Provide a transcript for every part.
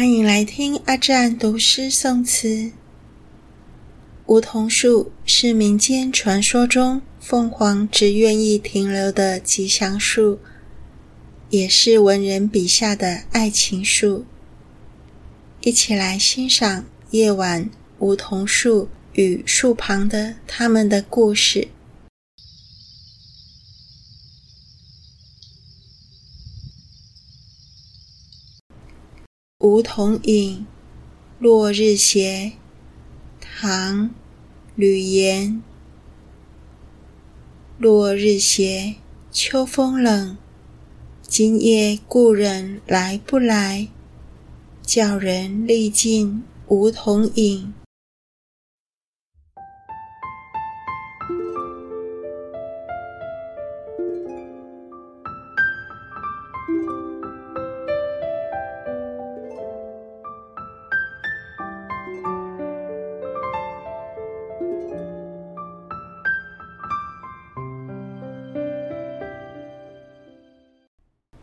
歡迎來聽阿占讀詩宋詞。梧桐樹是民間傳說中鳳凰只願意停留的吉祥樹，也是文人筆下的愛情樹。一起來欣賞夜晚梧桐樹與樹旁的他們的故事。梧桐影，落日斜。唐·呂岩。落日斜，秋風冷。今夜故人來不來？教人立盡梧桐影。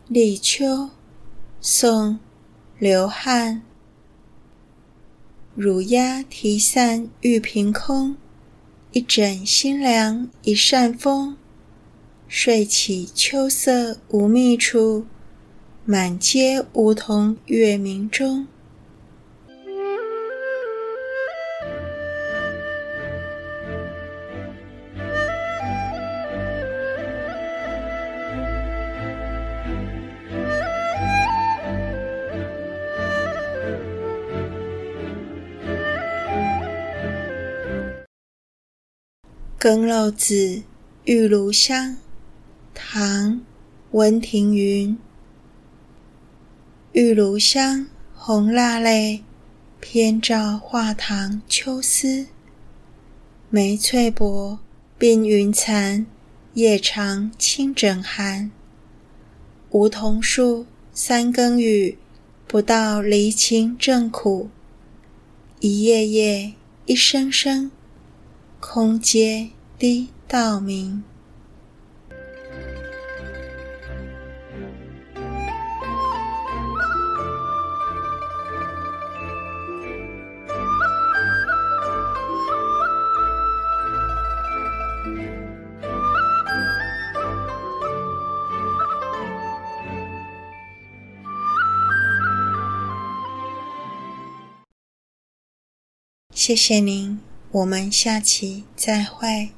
立秋，宋·劉翰。乳鴉啼散玉屏空，一枕新涼一扇風。睡起秋色無覓處，滿階梧桐月明中。《更漏子·玉爐香》，唐·溫庭筠。玉爐香，紅蠟淚，偏照畫堂秋思。眉翠薄，鬢雲殘，夜長衾枕寒。梧桐樹，三更雨，不道離情正苦。一葉葉，一聲聲，空階。滴到明。謝謝您，我們下期再會。